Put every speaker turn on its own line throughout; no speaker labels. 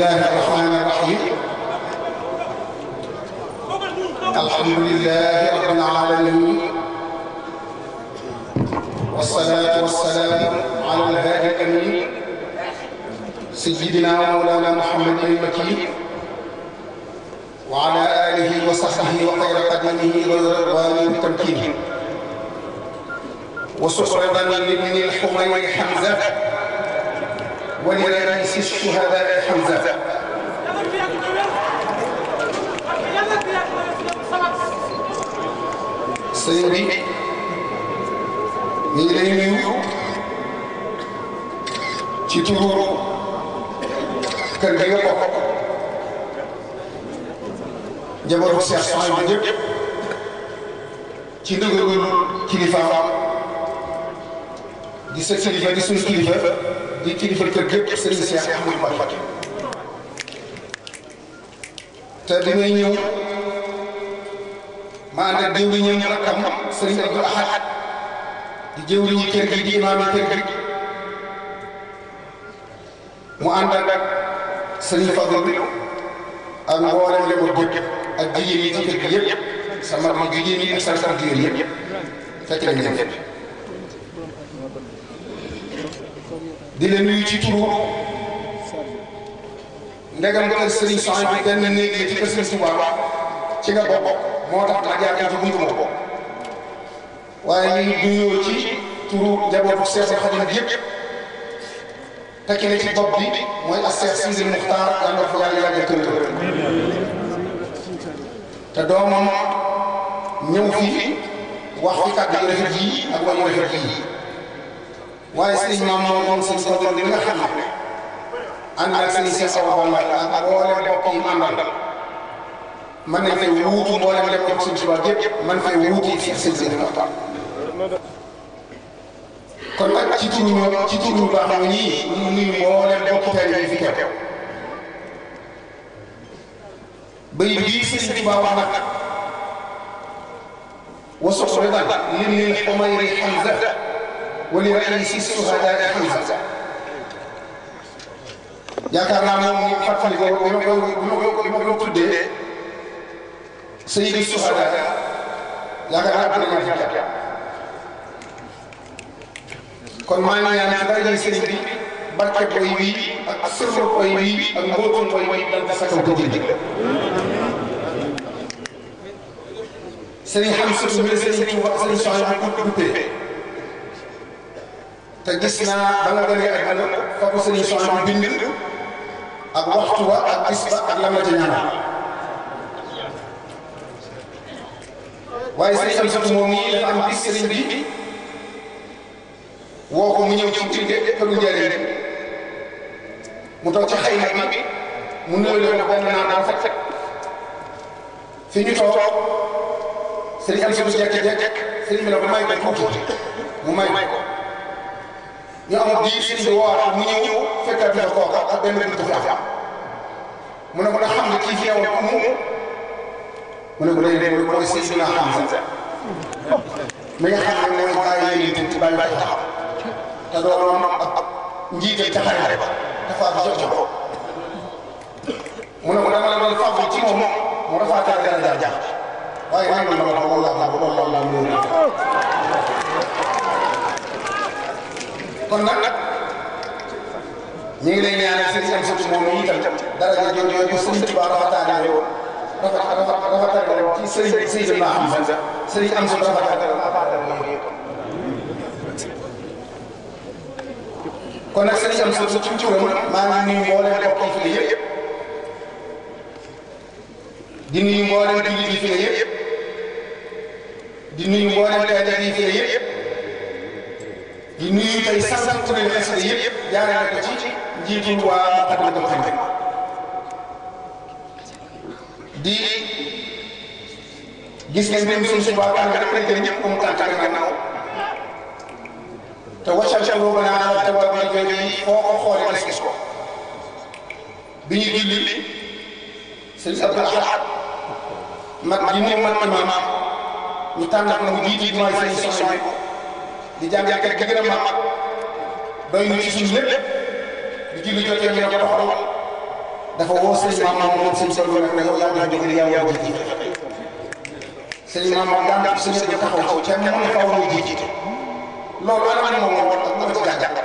الله الرحمن الرحيم الحمد لله رب العالمين والصلاة والسلام على الهادي الأمين سيدنا مولانا محمد المكي وعلى آله وصحبه وخير قدمه والرضوان والتمكين وسخر ابن الحميد حمزة ولرئيس الشهداء حمزة sëñ bi ñu ngi lay nuyu ci turu kër gi nga bokk njabootu Cheikh Sohaïbou bi ñëpp ci ndigalul kilifaam di sa kilifa di suñu kilifa di kilifa kër gépp sëriñ Seex Ahmadu Mbakke te bi may ñëw ma ànd ak jëwriñu ñu rakkam sëriñ Abdul Ahad di jëwriñu kër gi di imaami kër gi mu ànd ak sëriñ Fadlu ak mboolem njaboot gépp ak jigéen yi ci kër gi yëpp sama mag jigéen yi ak sama jigéen yëpp fekk nañ leen di la nuyu ci turu ndegam nga ak sëriñ Soxna bi benn néeg ci kër Sëriñ Tuubaa ci nga bokk moo tax ma jaar ñaata buntu ma waaye ñu ngi nuyoo ci turu njabootu Seex Xadim bi yëpp tekki na ci bopp bi mooy ak si Sidi Muxtaar yàlla fa yàlla yàggal kër te doomam ñëw fii wax fi kàddu yu rafet yi ak wax yu rafet yi waaye sëriñ maam moo doon sëriñ Fadal li nga xam ne ànd ak sëriñ Cheikh Awa Balla ak boole ko yi àndal man nañ fay wuutu boole lépp ak sëriñ Tuubaa yëpp man fay wuuti fii sëriñ Sëriñ Muxtaar kon nag ci turu ci turu baax na ñii ñu nuyu boole bokk tey fi teew bay bii sëriñ Tuubaa wax nag وصحبة لمن حمزة ولرئيس الشهداء حمزة yaakaar naa moom moom fàttali ko bi ma ko bi ma ko tuddee Seydou Souhada yaakaar naa am na ma kon maa ngi ñaan barke sëriñ bi barke koy wi ak sëfër koy wi ak mbootoon koy wi dal ko sakal ko jënd sëriñ xam surtout sëriñ Touba sëriñ Souhada bu duppee te gis naa ba nga demee àdduna fa ko sëriñ Soxna bind ak waxtu wa ak bis ba ak lam la ca waaye sëriñ Amsatu moom mii am bis sëriñ bi woo ko mu ñëw ci tinde këru njëriñ mu toog ci xayma bi mu nëwee loolu benn naan naan fekk fi ñu toog sëriñ Amsatu jekk jekk sëriñ bi la ko may ko tuuti mu may ñu am diir suñu woowaat mu ñëw fekkal dina kooka ak benn benn dafa am mu ne ko ndax xam nga kii fi newoon mu mu ne ko day dem mooy Seydina Hamza mi nga xam ne mooy bàyyi yi ci bàyyi bàyyi taxaw te doonoon ak njiite ca xare ba dafa am jot ko mu ne ko dama la doon faafu ci mu rafetal dara dara jaaxle waaye man ma ne ko loolu kon nag ñu ngi lay ñaanal sëriñ am sëriñ moom itam dara jooju jooju sëriñ Tuubaa rafetaane woon rafet rafet rafetale woon ci sëriñ bi sëriñ bi am sëriñ am sëriñ rafetale kon nag sëriñ am sëriñ di nuyu tey sant kuréel yi sant yëpp jaaree ko ci njiitu waa Muqaddamatul Xidma di gis ngeen ne mbirum suñu waa kanam rek la ñëpp mu tàntaan gannaaw te wàccal ca boobu naa te war nañ koy foo ko xoolee rek gis ko bi ñu julli sëñ Abdou Ahad mag ji ni man man maam ñu tànn ak mu jiitu mooy sëñ Soxna di jàngale ki gën a mag doy na ci suñu lépp di ci lu jotee ñu ne ko doxal dafa woo sëñ maam moom sëñ Seydou Mbengue ne yow yaa ngi jóg yaa ngi jiite sëñ maam moom daan sëñ bi taxaw ca moom la faaw ñu jiite loolu ana ana moom moom ak nga ci jàngat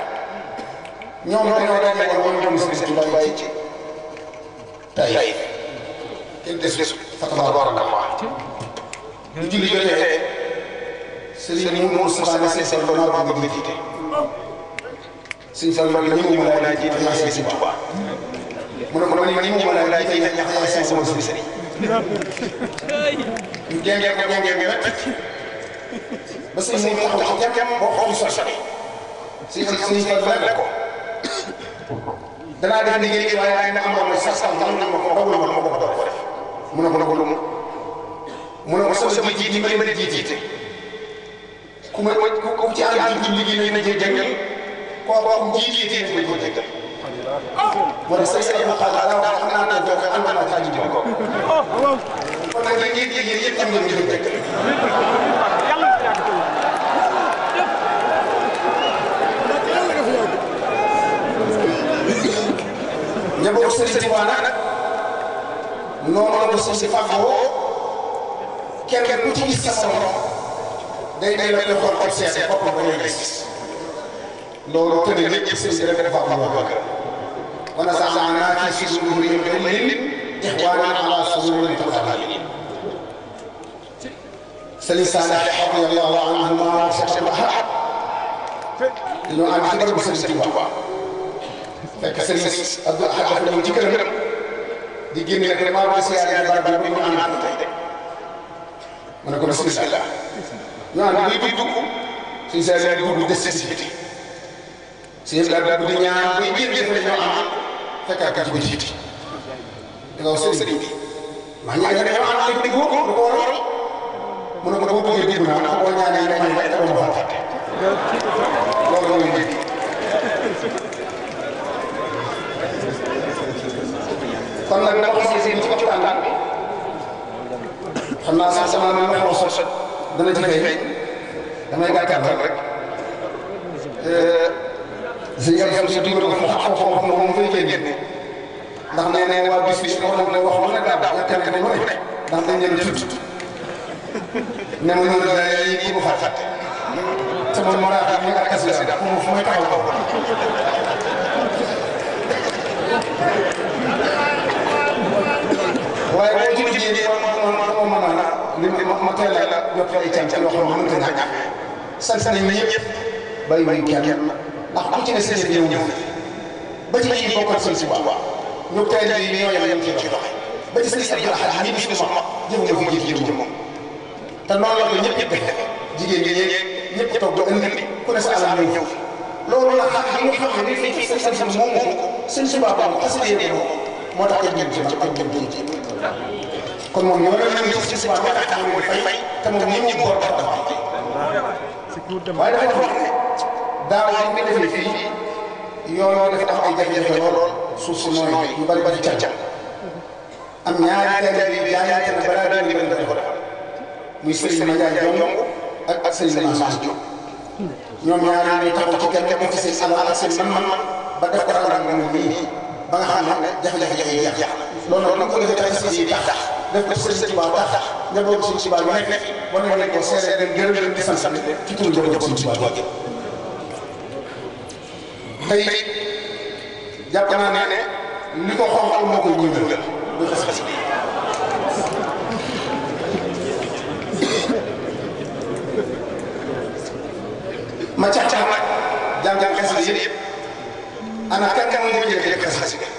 ñoom dañoo dañoo woon ñoom sëñ Tuubaa bàyyi ci tey kenn desul fa tabaaraka Allah di ci lu jotee Serigne Moussa Ba Cissé ba maa bëgg a jiite. Sëñ Fallou bi nii moom laa jiite naa seen si Touba. mu ne ma nii moom laa jiite ñax naa seen sama suuf Serigne. ñu jéem jéem jéem jéem rek. ba sëñ bi mu taxaw jëm jëm boo xool sa sori. Sëñ Sëñ Fallou la ko. danaa def liggéey waaye waaye nag moom sax sax man na ma ko dogul ma ko dogul ko def. mu ne ko dogul mu. mu ne ko sama jiite bi ma leen jiite. ku ma ku ci ànd ci liggéey nañ ci jëngal kooku jiite tey nañ ko jëngal. moo tax sax ma xam naa ko xam naa ko xam naa ko xam naa ko. kon nag nag yéen yéen yéen am nañu jëngal. njaboot Sëriñ Tuubaa nag noonu la ko si fàggoo kenn ku ci gis sa morom day day la koy xool xool seet boppam ba muy gis loolu tënk lépp sëñ bi rek baaxul woon ونزعنا في صدورهم غل إخوانا على سرور متقابلين سلي صالح رضي الله عنهما وفق الأحد لأنه عن كبر بسلي توبا فك سلي عبد الأحد حفظ من ñaan buy dugg si sa la dugg des si biti si la dugg di ñaan buy jël jëf la ñoo am fekkaat kat ko jiiti da nga wax sëriñ bi maa ñaan dañoo am ay digg ko du ko waral mu ne ko boo bëggee digg naa ko boo ñaanee yi dañuy rek dama ko fàtte loolu mooy nit kon nag ndax seen ci waxtaan bi xam naa sax sama ma ma xaw a sot dana ci feeñ damay gàttal rek si am si dugal ko xam xam xam na moom fay génne ndax nee na waa bis bis wax na wax lu ne daaw ñàkk nañ ko ne ndax dañ leen tudd ne ma loolu daa yi mu fàtt fàtt sama maraat yi ak as yi daal moom fu may taxaw ko waaye boo ci mujjee moom moom moom matal na noppal itam ci loo xam ne mënta ñàkk sant nañ ma ñëpp bàyyi wuñ kenn ndax ku ci ne seen ñëw ñëw ba ci ñi bokkoon seen si waa ñu tey dañuy ñoo yem yem ci doxe ba ci seen si Abdou Lahad ni bis ma jëf nga fi jiitu jëm moom te noonu la ko ñëpp ñëpp jigéen ñi ñeeg ñëpp toog ba ëndi ku ne sa alal ñëw ñëw loolu la xam nga xam ne fi seen seen moom moom seen si baa baa ko xasee moo tax ak ñun ci ak ñun ci kon moom yow la ñu ñëw ci Sëñ Tuubaa tax moo leen fay te moom ñi mu war dafa am waaye dafa wax ne daaw yi nga defee fii yoon dafa am ay jafe-jafe lool suuf si nooy yu bari bari cam am ñaari teel bi jaayante na balaa di leen dañ ko defal muy Serigne Mandiaye Diong ak Serigne Mass Diop ñoom ñaari ñuy taxaw ci kenn ku ci seen alal ak seen man-man ba def ko ràllam moom nii ba nga xam ne jafe-jafe jafe yi jeex na loolu nag ko defee tey si tax def ko ci sëñ Tuubaa ba tax njaboot sëñ Tuubaa bi nekk wane wane ko seere leen gërëm leen di sant leen ci turu njaboot sëñ Tuubaa bi tey jàpp naa ne li ko xonqal moo koy ñëwal muy xas-xas bi ma cax cax ma jàng jàng xas yëpp ana kan kan moo jëlee xas-xas bi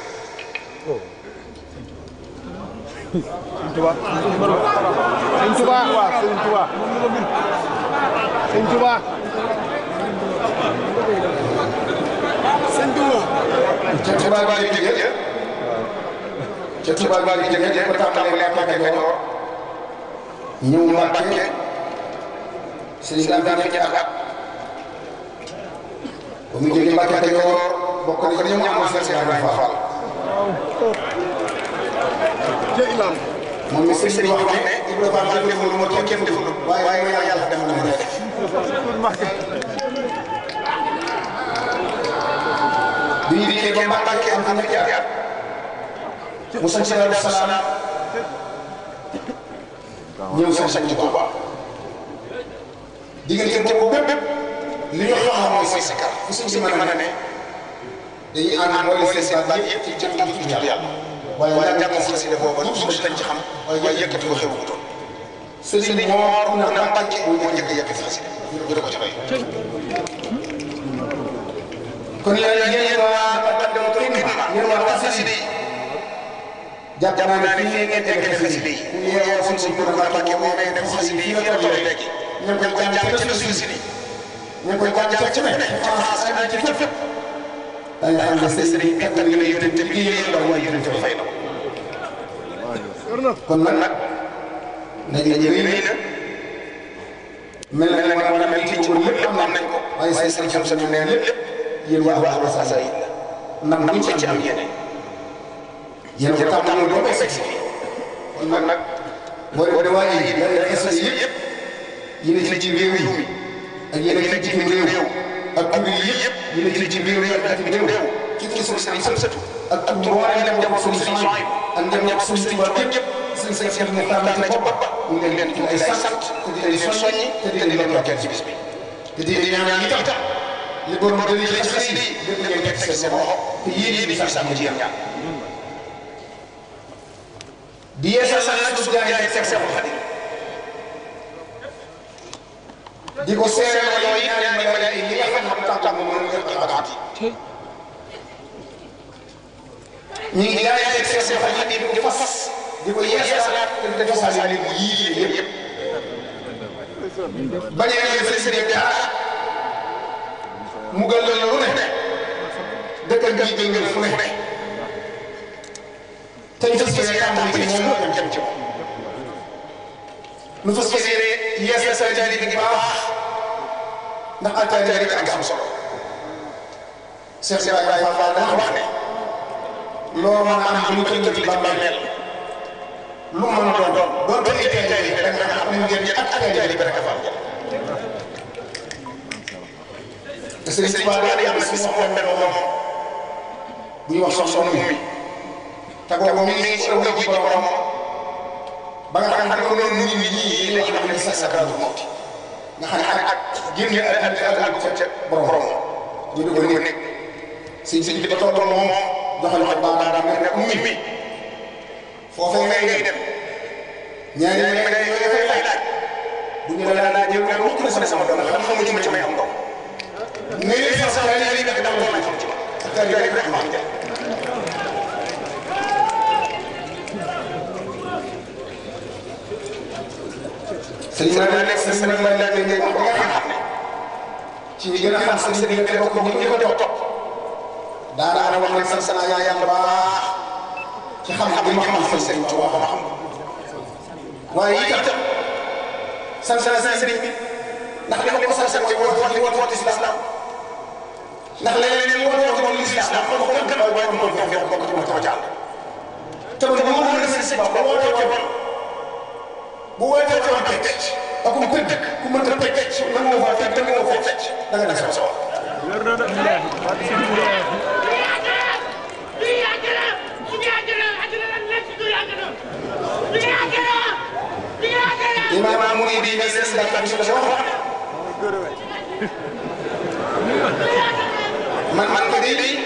Tuba Sëñ Tuba Sëñ Tuba Sëñ Tuba Sëñ Tuba ca Tuba baa ngi jóge ca Tuba baa ngi jóge ko tàmbalee Mbàkke Kajoor ñëw Mbàkke sëñ Islam bi ñetti at bu mu jóge Mbàkke Kajoor bokk na ci ñu amoon sëñ Islam Fall moom mi sëñ bi wax ne Ibra Fall kenn deful lu ma toog kenn deful waaye waaye ma yàlla defal ma def bi ñu dikkee ba Mbàkke am na ñaari at mu sañ sa def salaam ñëw sañ sañ ci Tuuba diggante boobu bépp li ñu xam mooy si sikar fu suñ si mën a ne dañuy ànd boole seen baat yëpp ci jëm ci yàlla wala jàngu xasida booba suuf lañ ci xam waaye yëkkati ko xew ko doon Sëriñ Moor ku na Mbàkke moo njëkk a yëkkati xasida ñu di ko ci roy kon yéen yéen waa Muqaddamatul Khidma ñu war xasida yi jàpp naa ne fii ngeen nekkee xasida yi ñu yeewoo suñ suñ Moor Mbàkke moo ngay def xasida yi fii la toll léegi ñu koy jàng ci suuf si ñu koy jàng ci ne ci France ci fépp da ngay xam ne sëriñ bi xettal na yonente bi lii la waaye yonente bi fay na ko. kon nag dañuy dañuy rëy na. mel na nga war a mel ci góor lépp am nañ ko waaye sëriñ Sam Sam nee lépp yéen waa waa Sasa yi nam nam ci ci am yéene. yéen a ko tàmm doo ko fekk si kon nag boo dee waa yi yéen a yéen a yéen a yéen a yéen a ci réew yi ak yéen a ci réew ak ak lii yëpp ñu ngi ci biir réew ak réew ci ci suñu sëriñ sëtu ak ak mboolem njaboot suñu soxna yi ak njaboot suñu tubaab yëpp yëpp suñu sëriñ sëriñ ne tànn na ci bopp ñu ngi leen di ay sant te di leen soññi te di leen dokkeel ci bis bi te di leen ñaan yi tax li borom dañuy lay xasi di ngeen teg teg seen loxo te yéen di fi sàmm ci yéen ñaan di yeesal nag su gaa yi teg seen loxo di ko seeree ba ñooy ñaari malaaka yi nga xam ne tax moom la ñu ci bakaat yi. ñu ngi jaay seen seen seen xarit yi di ko fas di ko yeesalaat te def saa mu yii yëpp. bañ a yëngu seen ah, mu gën leen lu ne dëkkal gën te ñu ci moom nu fas yéene yees sa jaari bi ngi baax ndax attaaya rek ak am solo Cheikh Ibrahima Fall dafa wax ne loolu man am lu ko jël ci bàmmeel lu mën a doon doon ba ay jaari bi rek ne ngeen ak ak jaari bi rek fa te Sëriñ Tuubaa daa di am bis moom mel moom bu ñu wax soxna mi ba nga xam ne ko doon nit ñi ñii dañuy wax ne sax sakaraatu mawti nga xam ne ak génn ak ak ca borom ñu di ko nekk sëñ sëñ bi dafa toll moom joxal ko baaraam ne ko mi foofu ngay dem ñaari ñaari ñaari fay laaj bu ñu la laaj yow daal wax na sama doom xam xamu ci may am doom ngay sax sa ñaari yi nga xam ne ci ma sëriñ ma nekk sëriñ ma nekk ngay wax ba nga xam ci ñi gën a xam sëriñ bi bokk ñi ñu ko topp daanaka wax ne sant naa yaa yàlla baax ci xam-xam bi ma xam sëriñ Tuubaa ba xam waaye itam sant naa sëriñ bi ndax li ma ko sant mooy woote li woote si lislaam ndax léeg-léeg li woote woon lislaam kon ko gën a waaye du ma ko jox ko ko ci ma ca te man bu ma ko defee si ba woote woon bu wootee ci woon tëj ak ku tëj ku mën a tëj mën nga faa tëj mën nga faa tëj da nga nekk sama sawar. imaam mu ngi bii ne seen ndax tamit dafa wax man man ko bii bii.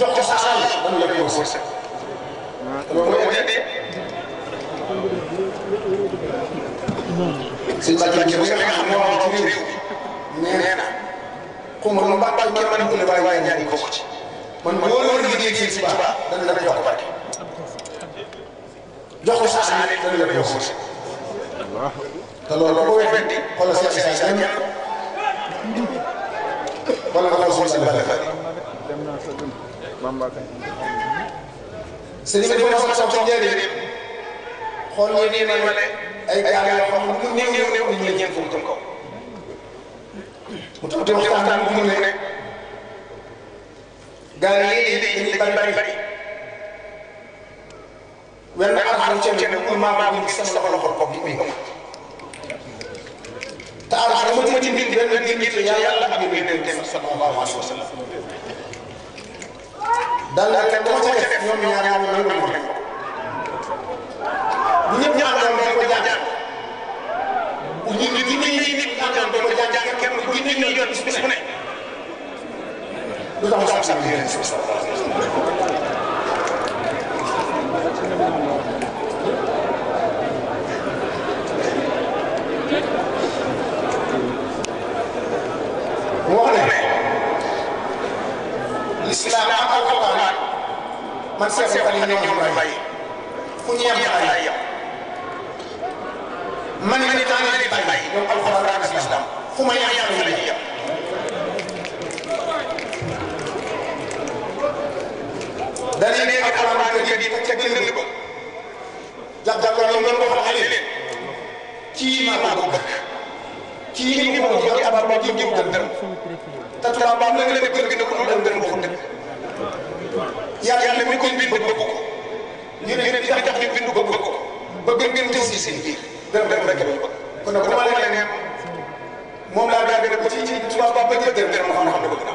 jox ko sa sàll ba mu lekk wërsëg loolu mooy indi sëñ Mbacke bu nga xam ne moom ci réew nee na xuma lu mbaa mbaa kenn mën a bële waaye ñaari ko ci man loolu la liggéey ci si baax dana la jox ko barke jox ko sa sàll dana lekk wërsëg te loolu boo weddi xoolal seen si saa yi wala nga xool seen si Bambaka. sëñ bi dafa doon soxla njëriñ xool ñu nii ma ne ay gaal yoo xam ne mu néew néew ñu ne ñeent fu mu jëm kaw. mu tudd waxtaan bu mu ne gaal yi dañuy bari bari. wenn alxam cene bu maamaam bi sama loxol bopp bi te alxam ma ci bind benn nit yàlla ak yonent bi sallallahu alayhi wa sallam daal la kenn ku ci def ñoom ñaar ñaar ñoom ñoo mën bu ñëpp ñu àndoon dañ ko jàng bu ñu ñu ñu ñu nit àndoon dañ ko jàng kenn ku ci nit ñi yor bis bu ne. lu tax mu sàmm yéen wax ne islam ak alquran man seexul xadim ñoo ñu bàyyi fu ñu yem bàyyi man ni daa leen di bàyyi ñoom alquran ak islam fu ma yem fu la ñuy yem dañuy ne alquran ak kadim ca dënd ba jàpp jàpp loolu ñu doon wax xale kii maa ko bëgg kii li ma ko jox ci abar ba ji jëm dëndëm te turam ba am na nga leen gën a bind ko lu dëndëm waxut dëgg yàlla na mi koy bind bëgg ko ñu ne li tax ñu bind ko bëgg ko ba gën ngeen tës ci seen biir dërëm dërëm rek lañ bëgg kon nag bu ma leen nee moom laa daa gën a ba ci ci turam ba ba jël dërëm dërëm xam na xam ne bëgg na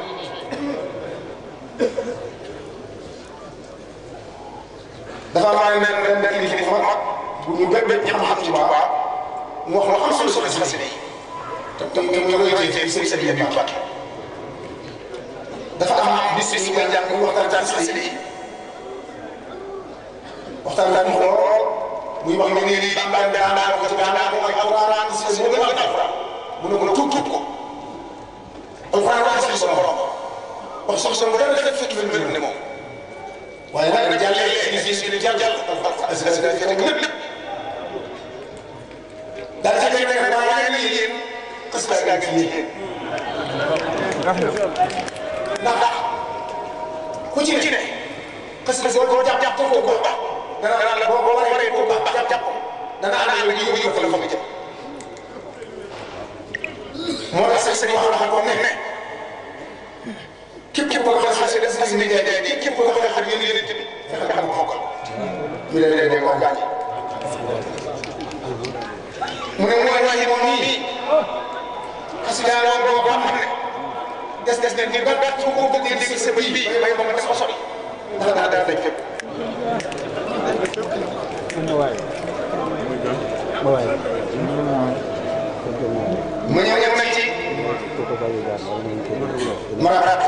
dafa am ay nen ren kii bi fi ma mag bu ñu gën a xam-xam ci bu baax mu wax ma am solo solo si te te mu koy jiitee sëriñ Sëriñ Abiibu Mbàkke dafa am bis bi nga jàng waxtaan xasida yi waxtaan daan mu lool muy wax ne nii lii Bamba daan daan wax daan daan wax ak alxuraan si mu ne wax alxuraan mu ne ko tuub tuub ko alxuraan wax sax sa borom wax sax sa borom def fekk fi mu ne moom waaye nag nga jàllee si si si jàll jàll alxuraan si lépp daal di fekk ne waaye yéen قصة كاكي نضح كجنة قصة سوى كو جاب جاب كو كو دنا دنا لو كو مري كو جاب جاب دنا انا يجي يجي كو لو مجد مولا سيسري وانا حكو مهنة كيف كيف بقول خاصة دس نيجا دي كيف بقول خاصة يلي يلي تبي فكر موكل يلي يلي موكل من وين واحد من sigaaroo boo ko xam ne des des nañ ni ba ba su ko bëggee dégg sama bii may ba ma def ko sori ndax daa daa dañ fépp mu ñëw ñëw nañ ci maraat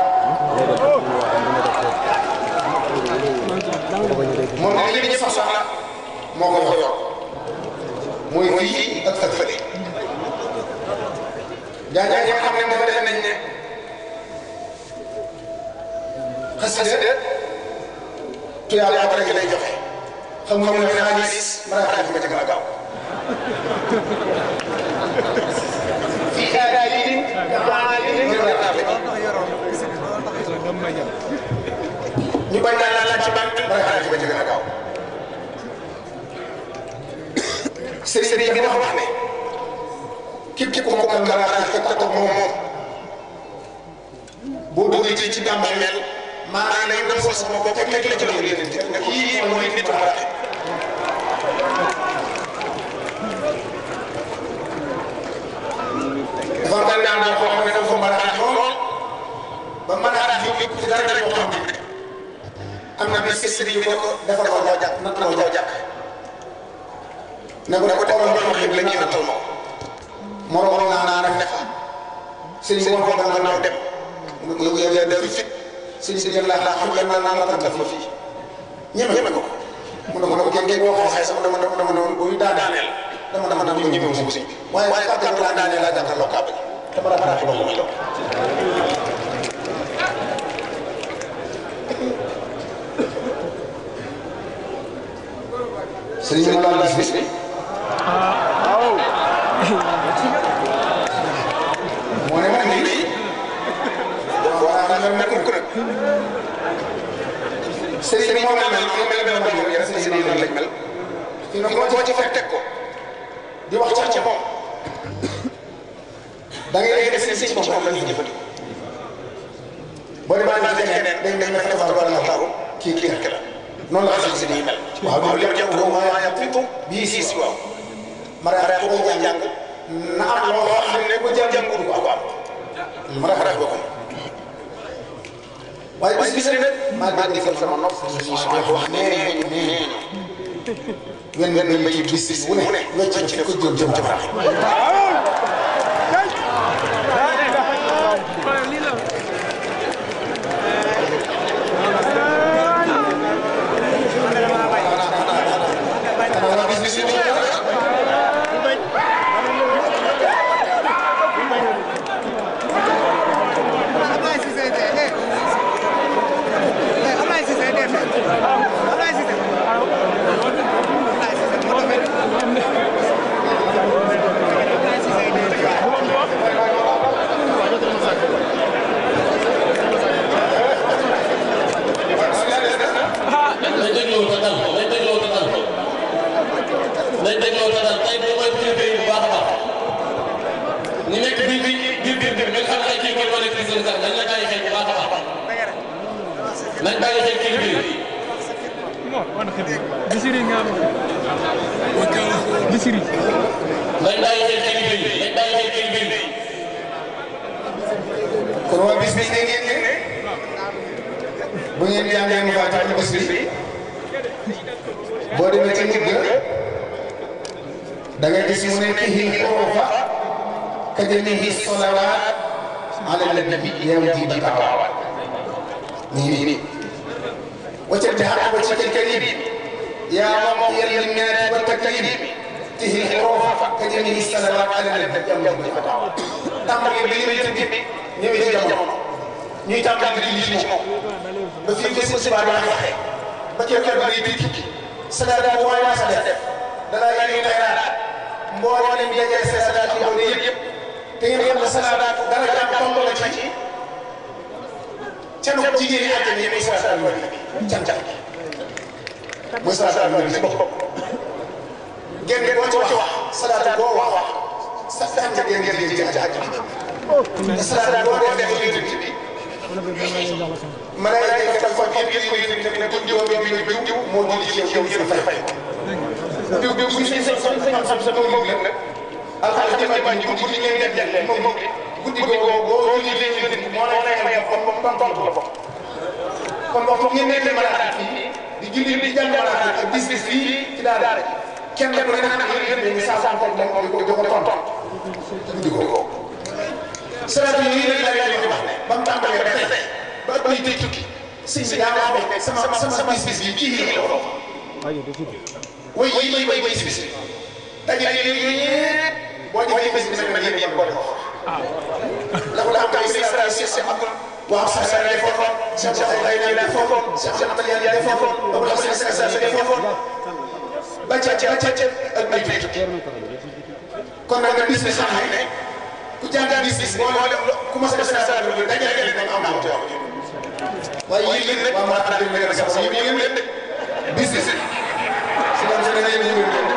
moom li ñu sax soxla moo ko yor muy fii ak ak fële jaajaay ñi nga xam ne moom defe nañ ne xasida tu yàlla ba rek lay joxe xam nga ne xaalis maraat ci gën a gaaw fi aadaalin aadaalin ñu bañ naa laaj ci banque maraat ko ci gën a gaaw sëriñ bi nga wax ne képp ku ko mën dara fekk ko moom moom boo duggee ci dàmbal mel maanaa nañ na foo sama bopp teg la ci loolu yeneen te ndax yii mooy nitu mbaaxe dafa mel naa ne koo xam ne dafa mën a ba mën a rajo bi ci dara dañ ko xam am na bés sëriñ bi ne ko dafa ko jàpp na ko na ko defal ma xam la ñuy nattal ma morom na na rek def señ mo ko dal na dem lu yow ya def fit señ señ la la xam la na la def fi ñem ñem ko mu dama dama sama dama dama dama non bu da danel dama dama dama ñu ñu ko señ waye waye ka la danel la jantal lokab dama dama ko Sering malam sëriñ bi moo mel noonu moo mel mel doomam ya sëriñ bi noonu lañ mel di koo ci fekk teg ko di wax sax ci moom da ngay def sëriñ ci moom la ñuy jëfandikoo boo demee ci keneen dañ dañ dafa defar wala taw kii kii rek la noonu la sëriñ si di mel waaw yow jàpp ko maa yàpp fitum bii siis waaw ma ko jàng na am loo xam ne bu jàng ko am ma ko waaye bis bis ni nag maa déggal sama nopp suñu soxla wax nee nañu nee nañu. wenn wenn ba ci bis wu ne wecc na ko jëm jëm jëm subaa dana joxe ba ca kër bari di tukki sa dara bu may laasa def danaa indi xayraat mbooloo leen dajee seen sadaat yi doon yëpp te ngeen xam ne sadaat dara jàpp tomb la ci ca nu jigéen yi àjjana yi muy sadaat yu bëri can-can muy sadaat yu bëri ci bopp génn boo ci wax sadaat boo wax wax sa daan ca génn génn ci àjjana te sadaat boo def def malaayika yi kat fan yëpp yëpp yëpp ne ko jiw bi jiw bi jiw moo julli ci yow yëpp sa fay ko. jiw bi bu ñu si sañ sañ sañ sa moom la nag. alhamdulilah ji ma ji guddi ngeen def jagleel moom moom guddi googu boo ñu leen di moo lay mayam kon moom kon tontu la ko. kon wax ngeen ne ne malaat yi di julli di jàng malaat ak bis bis bii ci daara ji kenn ku ne nag yéen dañuy saasante ak moom di ko jox ko tontu. guddi googu. salaatu yi yéen a ngi lay wax ne ba mu tàmbalee ba tey. ba ba tey tukki. sëñ bi daa daa béy sama sama bis bi kii la ko way way way way si bis bi. dajale yooyu yëpp boo defee bis bi nag man yëpp boo defoo. la ko daan koy séntu si si amul. waaw sax sax day foofoon. sax sax day day foofoon. sax sax amal yaa day foofoon. ba mu sax sax sax day foofoon.
ba ca ca ca ca
ak mbay tey tukki. kon nag bis bi sax xam ne ku jàngal bis bis boo leen ku mos a def sax sax dajale yëpp nag am naa ko waaye yéen rek waa Mara Adama yéen rek yéen yéen leen de bis si si man sa dana yéen yéen leen de.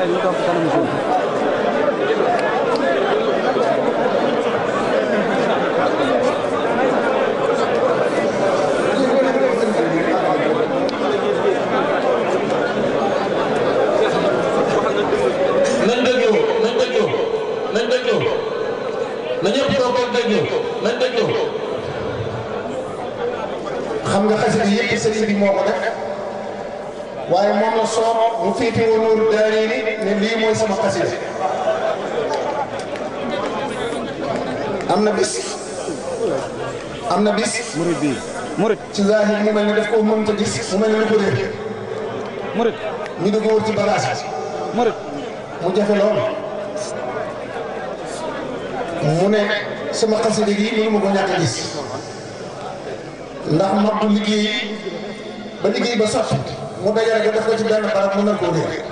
لا يوجد تلميذ xam nga xasida yëpp sëriñ bi moo ko def waaye moom la soob mu féete woon murit bi murit ci zahir mu mel ni daf ko mënta gis mu mel ni lu ko réer murit ñu di ko wër ci bagage murit mu jafe lool mu ne sama xasida gi mënu ma ko ñàkk a gis ndax mabbu liggéey ba liggéey ba sotti mu dajale ko def ko ci benn barab mu nar koo réer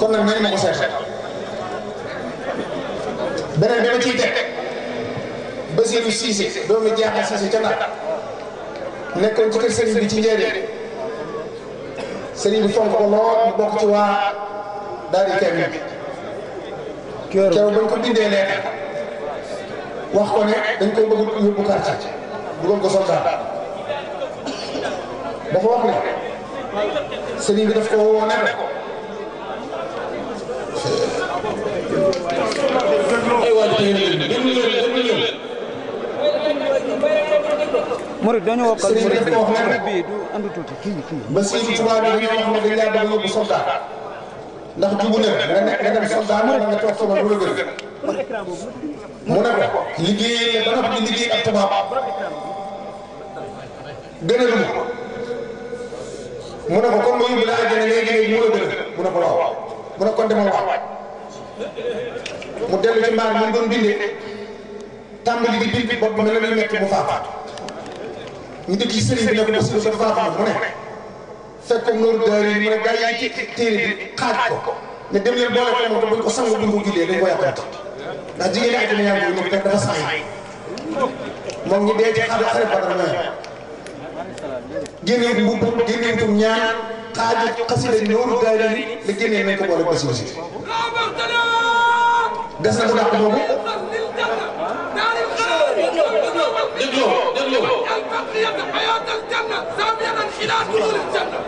kon nag nañ ma ko seet beneen bi ma ciy teg Basiiru Siise doomi Jaaxa Siise ca Ndar nekkoon ci kër sëriñ bi ci njëriñ sëriñ bi fonk ko lool mu bokk ci waa daari Kamil bi keroog bañ ko bindee leen wax ko ne dañ koy bëgg yóbbu quartier dugal ko soldat dafa wax ne sëriñ bi daf ko woo murid dañu wokkal murid bi murid bi du andu tuuti kii kii. ndax jubu ne nga ne nga dem soldat nga nga toog sama lu la gën. mu ne ko liggéey ba nga liggéey a ne ko kon mooy bilaa gën a léegi-léegi mu la mu ne ko waaw kon demal mu dellu ci mbaar ñu doon bindee tàmbali di bind bopp mel na lu métti bu ñu dégg ci sëriñ bi nag ba suñu faatu mu ne fekk nooru daari mu ne gaa yi ci téere bi xaaj ko ne dem leen boole ko moom te buñ ko sangu buñ ko jullee dañ ko yàqante ndax jigéen ñi ak dina yàgg moom dafa sax moom ñu dee ci xaar xare na génnee mbubb génnee ñaan xaaju xasida nooru daari la génnee nañ ko boole ba suñu si des déglu déglu البقية حياة الجنة سابيا إلى دخول الجنة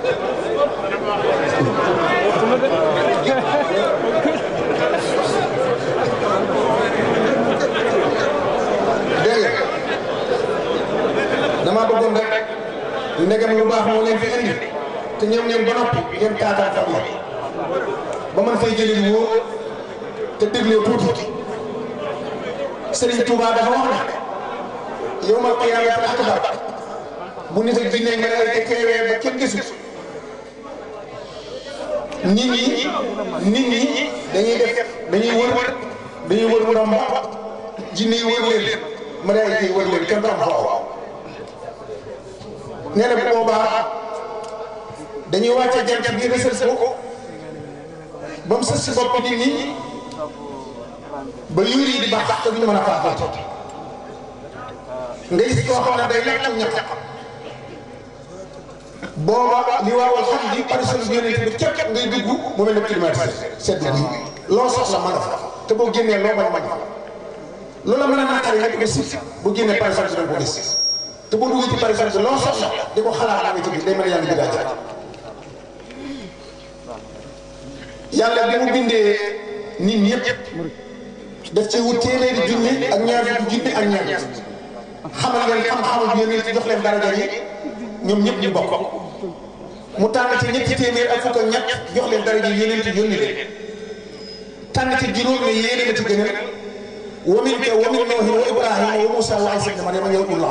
dégg nga damaa leen ba noppi ngeen taataan xam yow ma xiyaam akbar bu nit ak jinne malaayka teewee ba kenn gisul nit ñi nit ñi dañuy def dañuy wër wër dañuy wër wër am jinne yi wër leen malaayka yi wër leen kenn dañuy wàcce jant bi rësal ko ba mu sës si bopp nit ñi ba yuur yi di baax te duñu mën a faafaato nga gis koo xam ne day lekk ñax booba li waawal xam di par exemple yéen a ngi képp ngay dugg mu mel ne climatiseur sedd bi loo soxla mën a fa te boo génnee loo bañ bañ loola mën a naqari rek nga si bu génnee par exemple dina ko gis te boo duggee ci par exemple loo soxla di ko xalaat daa ngi ci day mel yàlla bi daa jaay yàlla bi mu bindee nit wut téeméeri junne ak ñaar junne ak ñaar. xamal leen xam-xamu yéen ci jox leen daraja yi ñoom ñëpp ñu bokk mu tànn ci ñetti téeméer ak fukk jox leen daraja yi yéen ci yónni tànn ci juróom ne a ci gën a wa min ka wa min Nuuh wa Ibrahima wa Muusaa wa Iisaa ibn Maryam ñëw ulul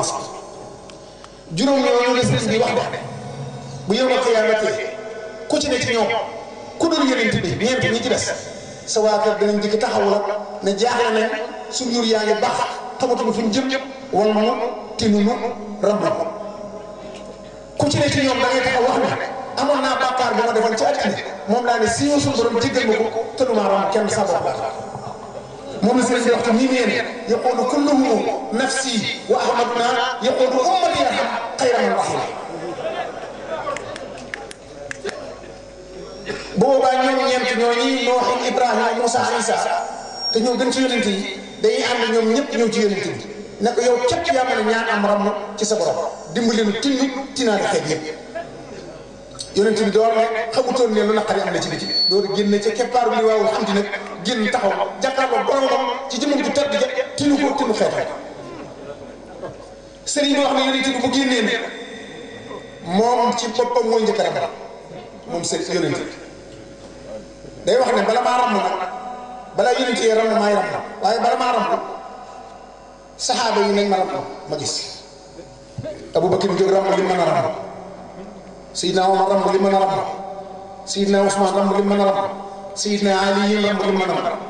bu yawmal qiyaamati ku ci ne ci ñoom ku dul yónent bi ñeent ñi ci des sa waa kër danañ dikk taxaw la ne jaaxle ne su jur yaa ngi baax xamatuñu fu ñu jëm. wan ma ma tinu ma rab ma ku ci ne ci ñoom da ngay taxaw wax ne amoon naa bàkkaar bu ma defoon ci àddina moom laa ne si yow suñu borom jéggal ma ko te du maa raam kenn sa bopp moom la sëriñ bi waxtu nii meen yaqulu kulluhum nafsi wa ahmaduna yaqulu ummati yarham xayra man rahima boobaa ñoom ñeent ñooñi Noox Ibrahima Moussa Isa te ñoo gën ci yonent yi dañuy ànd ñoom ñëpp ñëw ci yonent yi ne ko yow képp yaa mën a ñaan am ram ci sa borom dimbali nu tinnu tinaari xeet yëpp yonent bi doon xamutoon ne lu naqari am na ci bi ci doon génn ca keppaaru li waawul xam ti nag génn taxaw jàkkaarloo boromam ci jëmam ju tedd ja tinu ko tinu xeet sëriñ bi wax ne yonent bi mu génnee ne moom ci boppam mooy njëkk a ram moom sëriñ yonent bi day wax ne bala maa ram nag balaa yonent yee ram maay ram waaye bala maa ram saxaaba yi nañ ma ràmm ma gis Aboubacar jóg ràmm li mën a ràmm Seydina Omar ràmm li mën a ràmm Seydina Ousmane ràmm li mën a ràmm Seydina Ali yi ràmm li mën a ràmm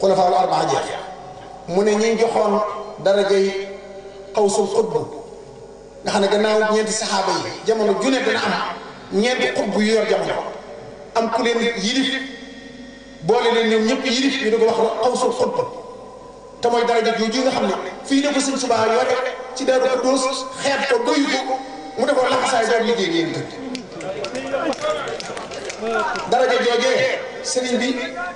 xulafaa al arbaa jeex mu ne ñi joxoon darajay xawsul xutbu nga xam ne gannaaw ñeenti saxaaba yi jamono june dana am ñeenti xutbu yu yor jamono am ku leen yilif boole leen ñoom ñëpp yilif ñu di ko wax xawsul xutbu te mooy daraja jooju nga xam ne fii ne ko sëñ Tuubaa yore ci Daaru Xuddoos xeet ko doyu ko mu defoon laxasaay doon liggéey ngeen dëkk daraja joojee sëriñ bi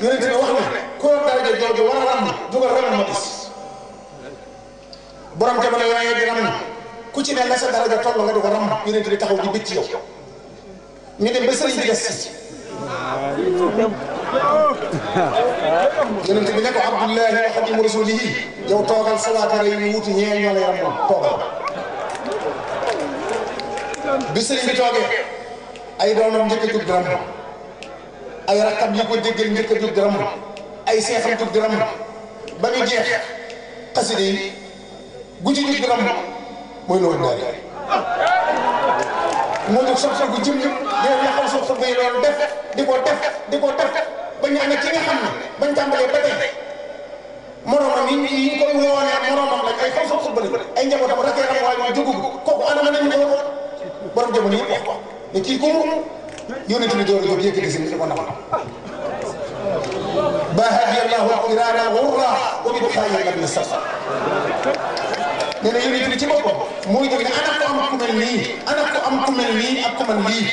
yonent bi wax na koo daraja jooju war a ram dugal ram ma gis borom jamono yooyee di ram ku ci ne la sa daraja toll nga di ko ram yonent bi taxaw di bëcc yow ñu dem ba sëriñ bi si yonent bi ne ko abdullahi wa xadimu rasulihi yow toogal salaatare yi wuti ñee ñoo la yaram moom toogal bi sëriñ bi toogee ay doomam njëkk a jug dërëm ay rakkam yi ko déggal njëkk a jug dërëm ay seexam jug dërëm ba ñu jeex xaside yi gu ci jug dërëm mooy loolu daal moo tax soxna gu jëm jëm yow yaa xam soxna bay loolu def di ko def di ko def ba ñaan ak ki nga xam ne bañ tàmbalee ba tey moromam yi yi ñu ko woone moromam lañ ay foofu football ay njabootam rafet am waaye mooy dugg kooku anam nañ ko borom jamono yëpp wax ko ne kii ku mu yónni tamit door a yëkkati si ko nafa ba hadiya allahu irana wa urra wa bi bukhayi ibn sasa nee na yonent bi ci boppam mooy def ne ana am ku mel nii am ku mel nii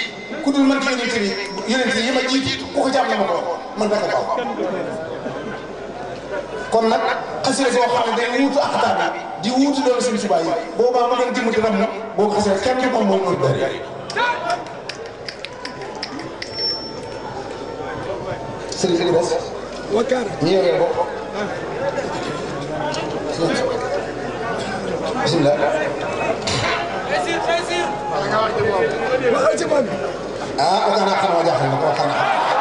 ku dul man ci yonent bi yi ma jiitu ku ko jàpp na ma ko man da ko aw kon nag xasee boo xam ne day wuutu axtaar bi di wuutu loolu suñu subaa yi boobaa ma ngeen jëm di ram na boo ko xasee kenn bi des ñu yoree bopp bisimilah. ah Oudana xanaa jaaxal na ko xanaa.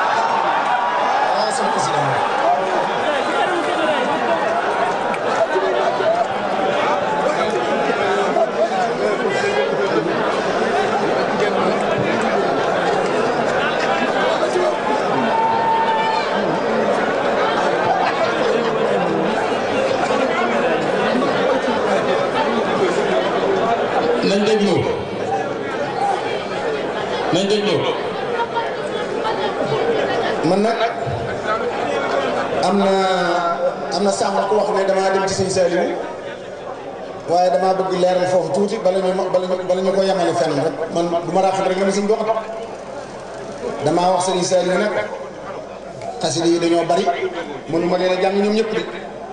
damaa bëgg leeral foofu tuuti bala ñu bala ñu bala ñu ko yemale fenn rek man bu ma rafet rek nga ma siñ wax damaa wax sëriñ Saliou yu nag xasida yi dañoo bari mënu ma leen a ñoom ñëpp di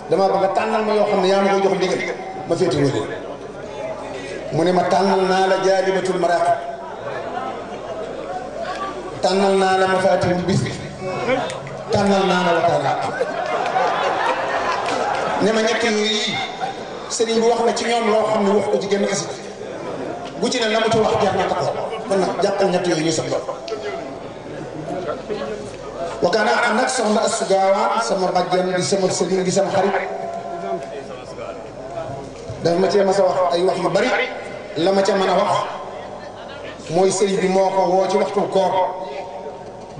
damaa bëgg a ma yoo xam ne yaa jox ndigal ma féeti mu ne ma la maraqib la la ne ma ñett sëriñ bi wax na ci ñoom loo xam ne wax ko ci génn kasit bu ci ne la mu ci wax jaar na ko kon nag jàppal ñett sa bopp wakaana sama bàjjan di sama sëriñ di sama xarit daf ma cee mas a wax ay wax yu bari la ma ca mën a wax mooy sëriñ bi moo ko woo ci waxtu koor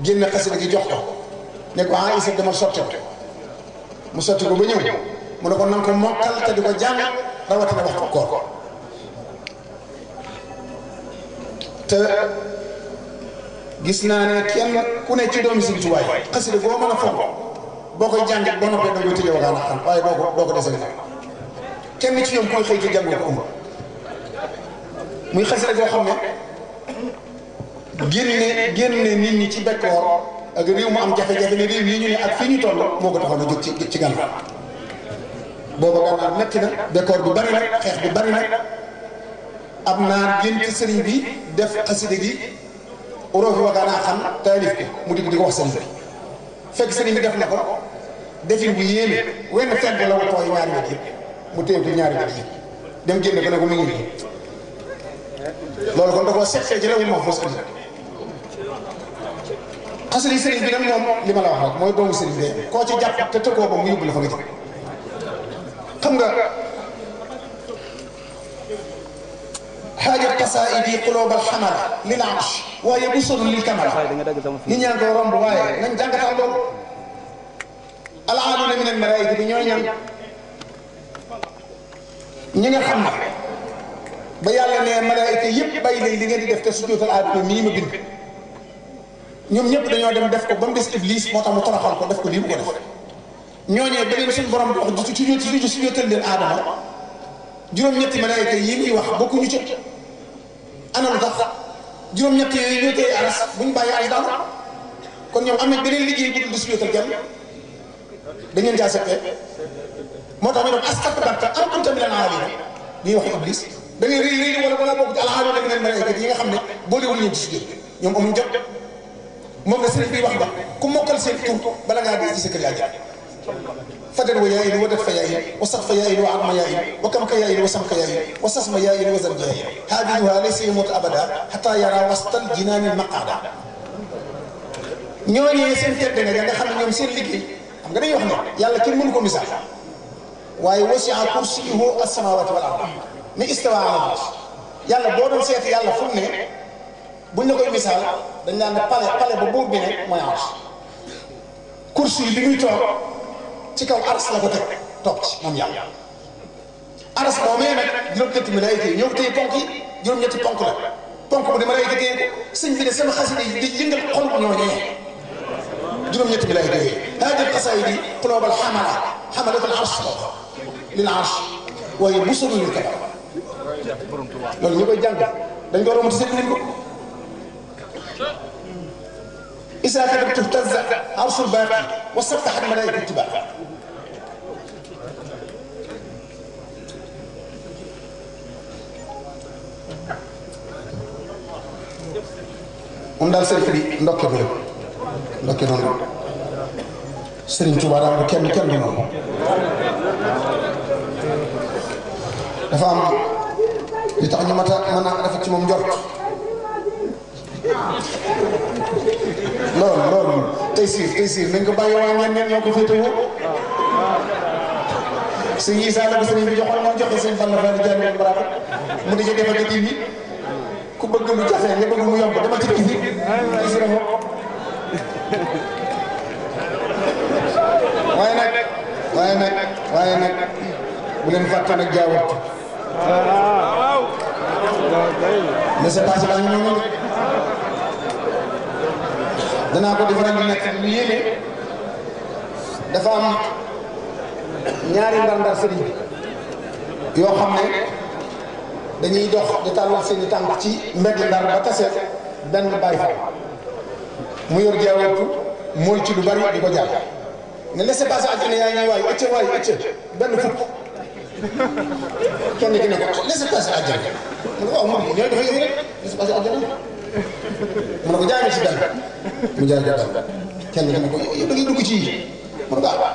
génn xasida gi jox ko ne ko ah isa demal sotti ko mu sotti ko ba ñëw mu ne ko na nga ko mokkal te di ko jàng rawatina waxtu koor te gis naa ne kenn ku ne ci doomi si Tuubaa yi xasida boo mën a fonk boo koy jàng ba noppee da nga koy waaye doo ko doo ko dese kenn ci ñoom koy xëy ci jàng ko amul muy xasida boo xam ne génne génne nit ñi ci bekkoor ak réew mu am jafe-jafe ne réew yi ñu ne ak fi ñu toll moo ko taxoon a jóg ci ci booba gànnaar metti na décor bu bari la xeex bu bari la am naa génn ci sëriñ bi def xaside gi uroofi wa gànnaar xam taalif ko mu digg di ko wax sëriñ bi fekk bi def na defin bu yéene wenn fedd la ko tooy ñaari nit mu téye ko ñaari dem génn ko ko mu ngi nii kon da koo seqee ci rewu moom mos andi xaside bi nag moom li wax rek mooy doomu bi koo ci jàpp te tëkkoo ba mu yóbbu la fa nga xam nga xaaja qasaa'idi qulub al-hamala lil arsh waaye bu sonu lil kamala nit ñaa ko romb waaye nañ jàngatal loolu alaaluna min almalaayika bi ñooy ñan ñi nga xam ne ba yàlla ne malaayika yépp bàyyi leen li ngeen di def te sujjóotal aadama mii ma bind ñoom ñëpp dañoo dem def ko ba mu des iblis moo tax mu toroxal ko def ko lii mu ko def ñoñe da leen suñu borom wax ci ci ci ci yotal leen adama juróom-ñetti malaika yi ñi wax bokku ñu ci ana lu tax juróom-ñetti yi ñu tay aras buñ baye ay aras daal kon ñoom amé benen liggéey bu dul si yotal kenn da leen caa seppee moo tax ñu doon astakbarta am kunta tamina aaliin ñuy wax iblis da ngay reey reey wala wala bokku ci alxaaliin da ngeen malaika yi nga xamné ne boolewul ñu ci sujjóot ñoom amuñ jot moom nga sëriñ bi wax ba ku mokal seen tur bala nga gis ci sa kër yaa فدل ويايل ودف ياين وصف ياين وعظم ياين وكم كياين وسمك ياين وسسم ياين وزن ياين هذه ليس يموت ابدا حتى يرى وسط الجنان المقعدة نيوني يسن تيد نغا دا خامن نيوم سين ليغي ام غاني يوخني يالا كي مونكو ميسا واي وسع كرسيه السماوات والارض مي استوى على العرش يالا بودون سيتي يالا فمني بون نكو مثال دا نان بالي بالي بو بور بي نك كرسي بي ci kaw aras la ko teg topp ci moom yàlla aras moomee nag juróom-ñetti malaayika yi ñoo ko téye ponk yi juróom-ñetti ponk la ponk bu ne malaayika téye ko sëñ bi ne sama xasida yi di yëngal xol ñooñee juróom-ñetti malaayika yooyu haadi xasaayidi xuloob al xamala xamalat al arsh lil arsh waaye bu solu ñu kabar loolu ñu koy jàng dañ ko romb ci seen nit ko إذا كتبت اهتز عرش الباقي وسبحت ملائكة الاتباع moom daal sëriñ bi ndokke bi rek ndokke noonu rek sëriñ Tuubaa bu kenn kenn du noonu dafa am li tax ñu mata mën a rafet ci moom njort loolu loolu tey siir tey siir nañ ko bàyyi waaye ñeen ñeen ko féetewoo sëñ Isaa la ko sëriñ bi joxoon moo joxe sëñ Fall la di jàll mu di ci defal ku bëgg mu jafe nga bëgg mu yomb dama ci kisi kisi la bokk waaye nag waaye nag waaye nag bu leen fàtte nag jaawat mais c'est passé daal ñoom danaa ko defaral di nekk lu yéeme dafa am ñaari ndar-ndar sëriñ yoo xam ne dañuy dox di tàllal seen i tànk ci mbedd ndar ba tase benn bàyyi fa mu yor jeewatu mooy ci lu bari di ko jàll ne laissez passer àjjana yaa ngi waay ëcce waay ëcce benn fukk kenn ki ne ko laissez passer àjjana mu ne waaw moom ñooy dafa yëngu rek laissez passer àjjana mu ne ko jaay ci dal mu jaay ko dal kenn ki ne ko yow da ngay dugg ci mu ne ko ah,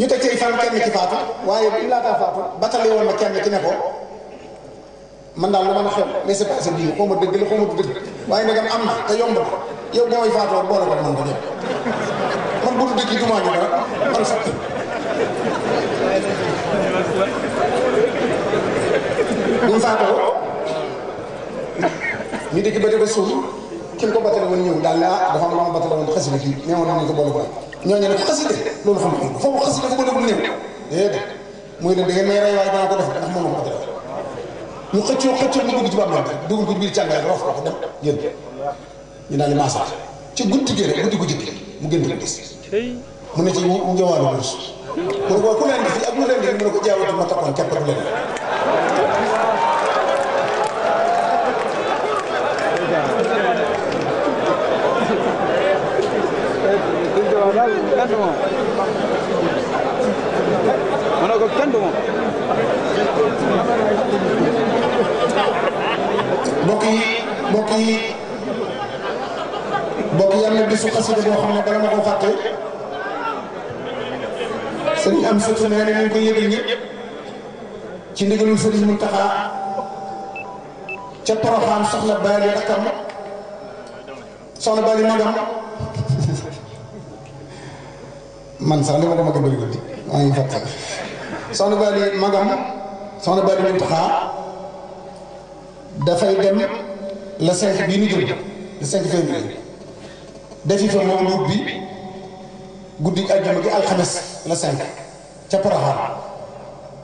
ñu teg ci fan kenn ci faatu waaye bu laataa faatu batale woon na kenn ci ne ko man daal lu mën a xew mais c'est pas sa diine xaw ma dëgg la xaw ma dëgg waaye nagam am na te yomb na yow boo may faatoo boole ko man ko dem man bu dul dëkk yi du maa ñu dara man sax buñ faatoo ñu dikk ba te ba suuf ki nga ko batale woon ñëw daal la dafa am lu ma batale woon xasima kii mais woon nañ ko boole ko ñooñu ne ko xasida loolu xam-xam foofu xasida ko def lu néew déedéet muy ne da ngeen may rey waaye danaa ko def ndax mënu ñu xëccoo xëccoo ñu dugg ci bàmmeel dugg ko biir càngaay roof ko dem yéen ñu daal di maasaa ci guddi gi rek guddi gu mu gën di gis mu ne ci njëwaalu mu ne ko ku leen di fi ak lu leen di mu ne ko jaawatu ma takkoon képp ku leen daal kenn du moom ma ne ko kenn du moom. mbokk yi mbokk yi mbokk yi am na bisu xam ne bala ma ko fàtte sëriñ am sëtu nee na ñu ngi koy yëgal ñëpp ci ndigalul sëriñ Muntaxa magam man sax li ma dama ko bëri guddi maa ngi fàttali soxna Bali magam soxna Bali Muntaxa dafay dem le 5 bii ñu jëm le 5 février defi fa mawlud bi guddi àjjuma gi alxames le 5 ca Poroxaan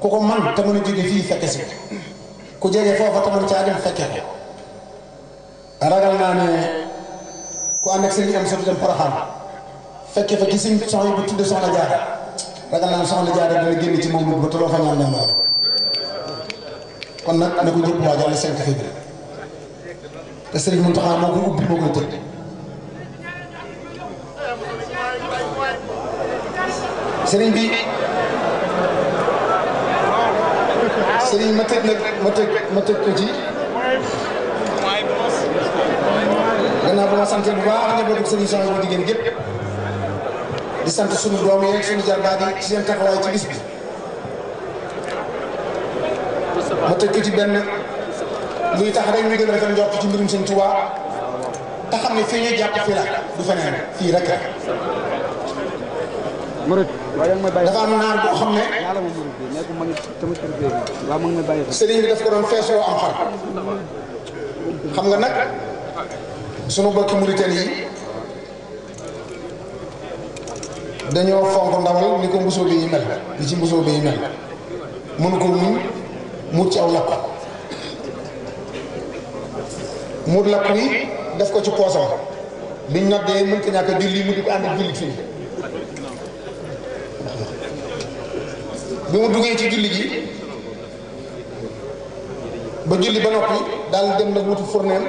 ku ko man te mën a jóge fii fekke si ku jege foofa te mën caa dem ragal naa ne ku ànd ak seen i am sa dem Poroxaan fekke fa ki sëñ soxna bu tudd soxna jaar ragal ci moom fa ñaan ñaan la kon nag na ko ñëpp waajal le 5 février te Serigne Mountakha moo ko ubbi moo koy tëj Serigne bi ma tëj nag ma tëj ko ci gannaaw ba ma sant bu baax njabootu Serigne soxna bu jigéen gépp di sant suñu doom yi ak suñu jarbaat yi ci seen taxawaay ci bis bi ma tëkk ci benn luy tax rek ñu gën a rafet njort ci mbirum sëñ Tuubaa te xam ne fii ñu jàpp fii la du feneen fii rek la dafa am naar boo xam ne sëriñ bi daf ko doon feesloo am xar xam nga nag sunu bokki Mauritanie yi dañoo fonk ndawal ni ko mbusoo bi yi mel ni ci mbusoo bi yi mel mënu ko muñ muut ci aw lakk mu lakk wi def ko ci poosam biñ noddee mën ko ñàkk julli mu di ko mu duggee ci julli ji ba julli ba noppi daal dem nag wutu fourneem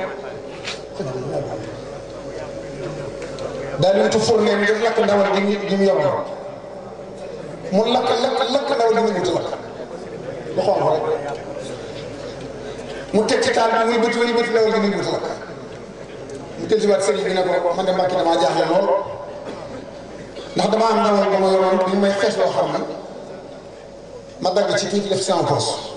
daañu ko fourne bi yëpp lakk ndawal gi ñu gi ñu yomb mu lakk lakk lakk ndawal gi ñu wuti lakk lu xonq rek mu teg ci taal bi muy bëti muy bëti ndawal gi ñu wuti lakk mu teg ci waat sëriñ bi ne ko man de mbàkki damaa jaaxle lool ndax damaa am ndawal bi ma yoroon bi may xees loo xam ne ma dagg ci tuuti def sans poste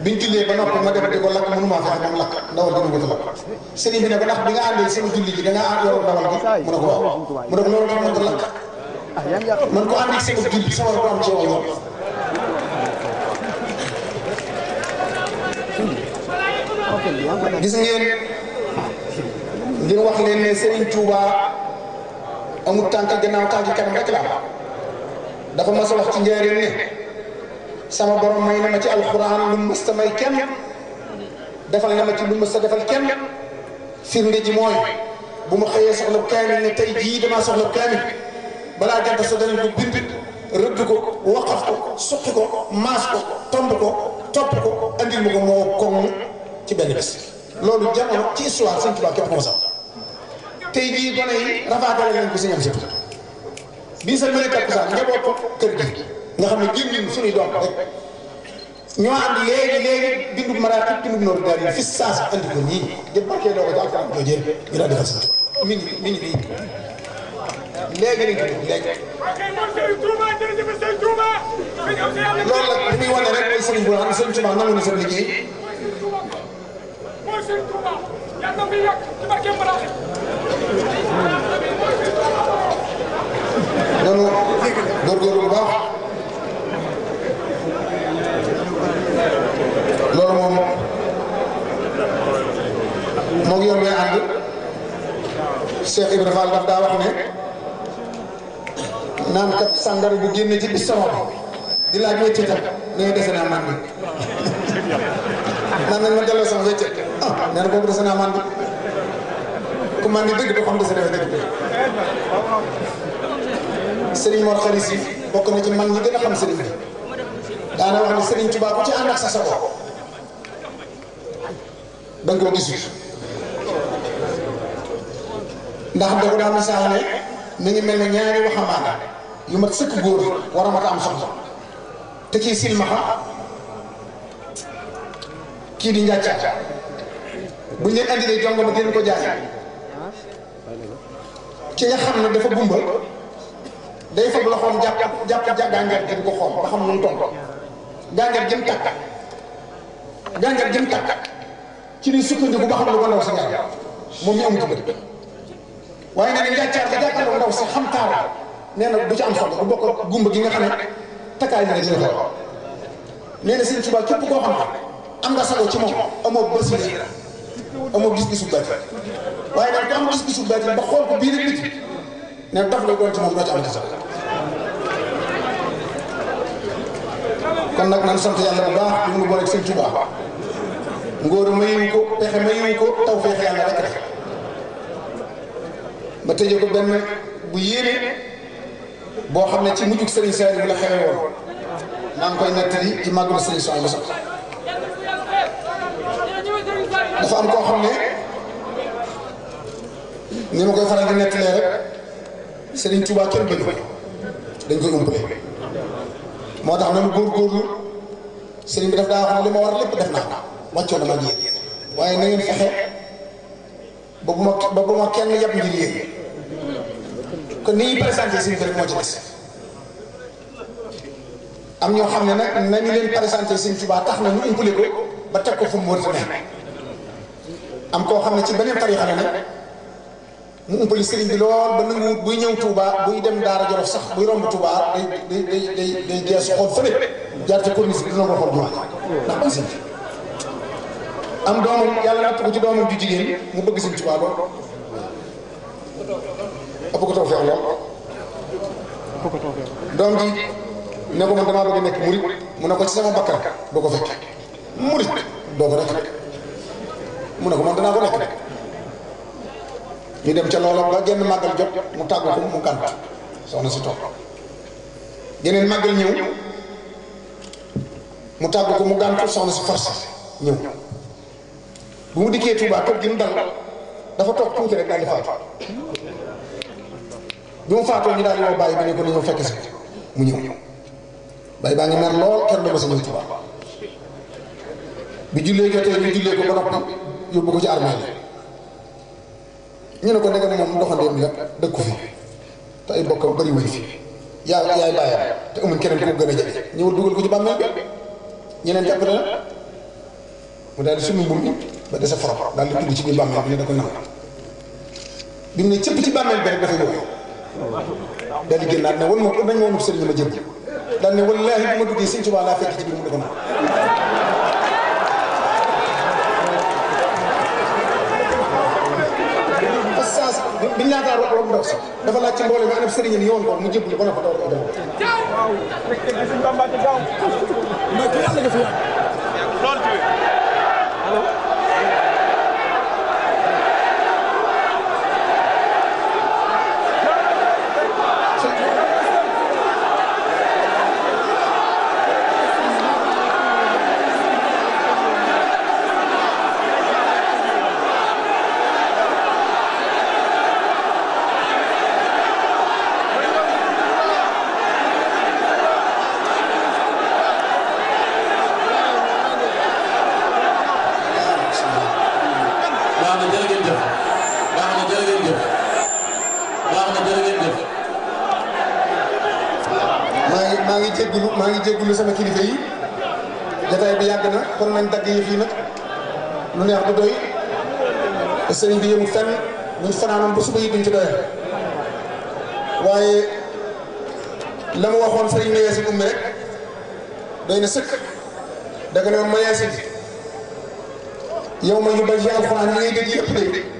biñ jullee ba noppi ma def di ko mënuma fexe ba mu ndawal gi dugut lakk sëriñ bi ne ko ndax bi nga àndee sama julli gi da nga ànd yow ndawal gi mu ne ko mu ne ko loolu tax nga lakk man ko ànd sama julli sama ko am ci yow gis ngeen ngir wax leen ne Serigne Touba amul tànk gannaaw tànk kanam rek la dafa mas a wax ci njëriñ ne sama borom may na ma ci alquran lu musta may kenn defal na ma ci lu musta defal kenn firnde ji moy bu ma xëyee soxla kaamil ne tay ji dama soxla kaamil bala ganta so dana ko bind rëdd ko waqaf ko suqi ko mas ko tomb ko top ko andil ma ko moo koŋ ci ben bés lolu jamo ci histoire sëñ tuba képp ko sax tey jii gone yi rafaatale ko si ñam si bii sa mëne takkusaan njaboot ko kër gi ñoo xam ne génnin suñuy doom rek ñoo ànd léegi léegi bindu maraatib bindu nooru daal yi fi saa si andi ko nii di barkee doo ko ci alquran doo jël ñu daal defal sa mi ngi mi ngi nii léegi loolu nag muy wane xam sëriñ Tuubaa nangu na sa liggéey bu baax Cheikh ibrahim Fall daf daa wax ne nan kat sàngara bu genn ci bis sama di laaj wéccitam ne nga dese naa man bi naan nañ ma delloo sama wéccit ah nee na man bi ku man di dëgg ba xam déssé na dëgg Serigne Mor Xaris bokk na ci man ñi gëna xam Serigne bi na wax ni Serigne Touba ku ci and ak sa sago da nga koo gisul ndax dafa daan misaal ne mi ngi mel ne ñaari waxambaane yu mat sëkk góor war a mat am soxla te kii silmaxa kii di njàcca buñ leen andi dee jongo ba gën ko jaay ki nga xam ne dafa gumba day fab loxoom jàpp jàpp jàpp gàngar ko xool ba xam nu mu tontoon gàngar jëm tàkk gàngar jëm tàkk ci li sukkandiku ba xam lu ko ndaw si ñaar moom ñu amut bët وين من جاكر جاكر ولا وصل خم تارا نحن بيجي أنفق وبوك قوم بيجي نحن تكاي نحن نحن نحن نحن سين تبا كيف بقى خم أم داسا لو تمو أم بس بس أم بس بس بس وين من كم بس بس بس بخور كبير بيت نحن دفع لو قلت مو بيجي أنفق kon nak nan sante yalla bu baax ñu bo rek seen ci baax ngor mayu ko pexe mayu ko tawfiq yalla rek def ma tëjee ko benn bu yéene boo xam ne ci mujjug Serigne Saliou bu la xewee woon maa ngi koy nettali ci màggalu Serigne Saliou sax dafa am koo xam ne ni ma koy faral di nettalee rek Serigne Touba kenn bañu dañ koy umpale moo tax na mu góorgóorlu Serigne bi daf daa wax ne li ma war lépp def naa ko wàccoo na waaye na ngeen fexe ba bu ma ba bu ma kenn yàpp ngir kon ni ñuy présenté sëñ moo ci des am ñoo xam ne nag nañu leen présenté sëñ Tuubaa tax na ñu umpale ko ba teg ko fu mu am koo xam ne ci beneen tarixa la nag mu umpale sëriñ bi lool ba nangu buy ñëw Touba buy dem Daara Jolof sax buy romb Touba day day day day geesu xool fële jaar ci corniche bi dina ko xool bu baax doomam yàlla natt ko ci doomam ju jigéen mu bëgg sëñ Tuubaa lool. ëpp ko tawfeex lool doom ji ne ko man damaa bëgg nekk murit mu ne ko ci sama bakkan doo ko fekk murit doo ko nekk mu ne ko man danaa ko nekk ñu dem ca loola ba genn màggal jot mu tàggu ko mu gànt soxna si toog geneen màggal ñëw mu tàggu ko mu gànt soxna si farsa ñëw bu mu dikkee Tuubaa kër gi mu dal dafa toog tuuti rek daal di faatu bi mu faatoo ñu daal di woo bàyyi bi ne ko dañoo fekk si mu ñëw bàyyi baa ngi mer lool kenn du ma sa ñëw Tuubaa bi jullee jotee ñu jullee ko ba noppi yóbbu ko ci armée yi ñu ne ko ndegam moom doxandeem lépp dëkku fi te ay bokkam fi yaa yaay bàyyam te amuñ keneen ku ko gën a jege ñëwal dugal ko ci bàmmeel bi ñeneen jàpp na mu daal di summi mbubb daal di dugg ci biir bàmmeel bi ne da koy nangu bi mu ne cëpp ci bàmmeel bi rek dafay daal di ne won mo nañ ma woon ko sëriñ ma jëm daal ne wallahi bu ma duggé sëñ Tuubaa la fekk ci bi mu dëgg assas sens bi ñu laataa rob ndaw si dafa la ci mbolé manam sëriñ ni yoon ko mu jëb ñu ba na ko door ko dem waaw sëñ Bamba ci gaaw mais ku yàlla nga fi lool ci allo jërë maa ngi maa ngi jégalu maa ngi jégalu sama kilifa yi jotaay bi yàgg na kon nañ dagg yëf yi nag lu neex du doy sëriñ bi yëngu fenn ñu fanaanam ba suba yi duñ ci doyal waaye la ma waxoon sëriñ ma yaasin ummi rek doy na sëkk da ma yaasin yow ma ñu bañ ci alxuraan yi ngay dégg yëpp de.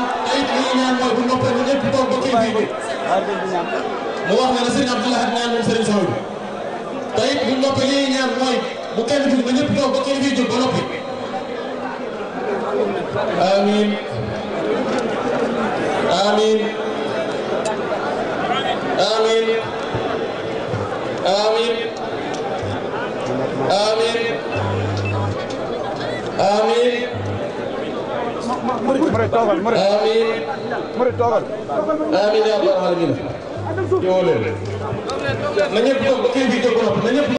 amin amin amin amin murid toogal murid amiin murid toogal amiin yaa rabbal aalamiin ñëw leen na ñëpp jóg kii bi jóg na ñëpp